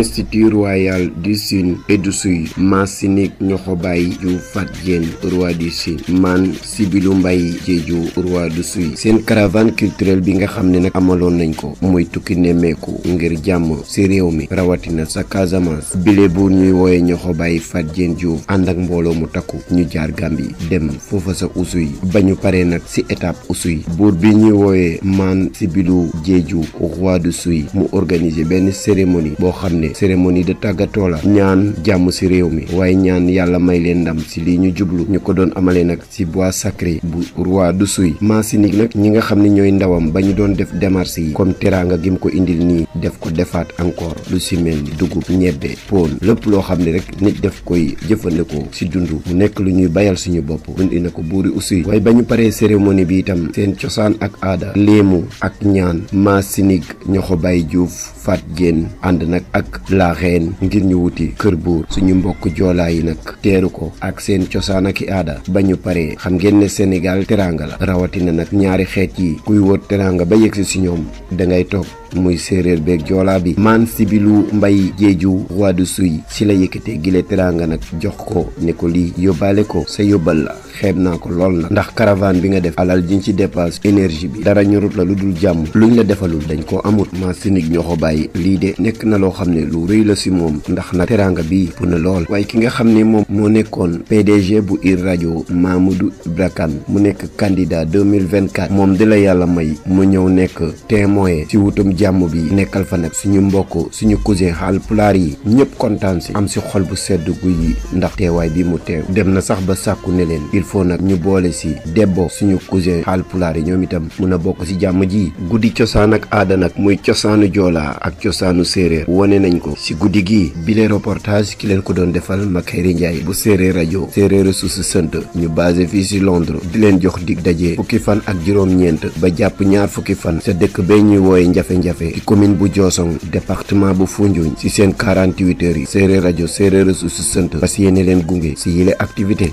institut royal du sud et du sud ma sinik bay ju fat yeen roi du sud man sibilu mbay jeju roi du sud sen caravane culturelle bi nga xamne nak amalon nañ ko moy tukki nemeku ngir jamm ci rew mi rawatina sa casamance bile bu ñuy woyé bay fat yeen ju and ak mbolo mu takku ñu jaar gambi dem fofa sa usuy bañu paré nak ci étape usuy bour bi ñuy woyé man sibilu jeju roi du sud mu organiser ben cérémonie bo xamne ceremoni cérémonie de tagatola la ñaan jàmm si réew mi waaye ñaan yàlla may leen ndam ñu jublu ñu ko doon amalee nag bois sacré bu roi du suy maasinig nag ñi nga xam ne ñooy ndawam ba ñu doon def démarche yi comme teraanga gim ko indil nii def ko defaat encore lu si mel ni dugub ñebbe pool lépp loo xam ne rek nit def koy jëfandikoo si dund mu nekk lu ñuy bayal suñu bopp indi na ko buuri usuy waaye ba ñu paree cérémonie bi itam seen cosaan ak aada léemu ak ñaan masinik ñoxo bàyyi juuf fat génn ànd nag ak la reine ngir ñu wuti kër buur suñu mbokk joola yi nag teeru ko ak seen cosaan ak i aada ba ñu paree xam ngeen ne Sénégal teraanga la rawatina nag ñaari xeet yi kuy wër teraanga ba yegsi si ñoom da toog muy séeréer beeg joolaa bi bi lu mbay jeeju roi de suy si la yëkkatee gile teraanga nag jox ko ne ko li yóbbaale ko sa yóbbal la xeeb naa ko lool nag ndax caravane bi nga def alal jiñ ci dépasse énergie bi dara ñorut la lu dul jàmm luñ la defalul dañ koo amut maa sinig ñoo ko bàyyi lii de nekk na loo xam ne lu rëy la si moom ndax nag teraanga bi bu na lool waaye ki nga xam ne moom moo nekkoon PDG bu ir rajo Mamadou Ibra Kane mu nekk candidat 2024 moom di yàlla may mu ñëw nekk jàmm bi nekkal fa nag suñu mbokk suñu cousin xaal pulaar yi ñëpp kontaan si am si xol bu sedd guy yi ndax teewaay bi mu teew dem na sax ba sàkku ne leen il faut nag ñu boole si debbo suñu cousin xaal pulaar yi ñoom itam mun a bokk si jàmm ji guddi cosaan ak aada nag muy cosaanu joolaa ak cosaanu séeréer wane nañ ko si guddi gi bile reportage ki leen ko doon defal Makayri Ndiaye bu séeréer rajo séeréer suusu sënt ñu basé fii si Londres di leen jox dig daje ak juróom ba jàpp jafe-jafe commune bu Diossong département bu Foundiougne ci seen 48 heures yi séeréer rajo séeréer su yéene leen gunge yile activité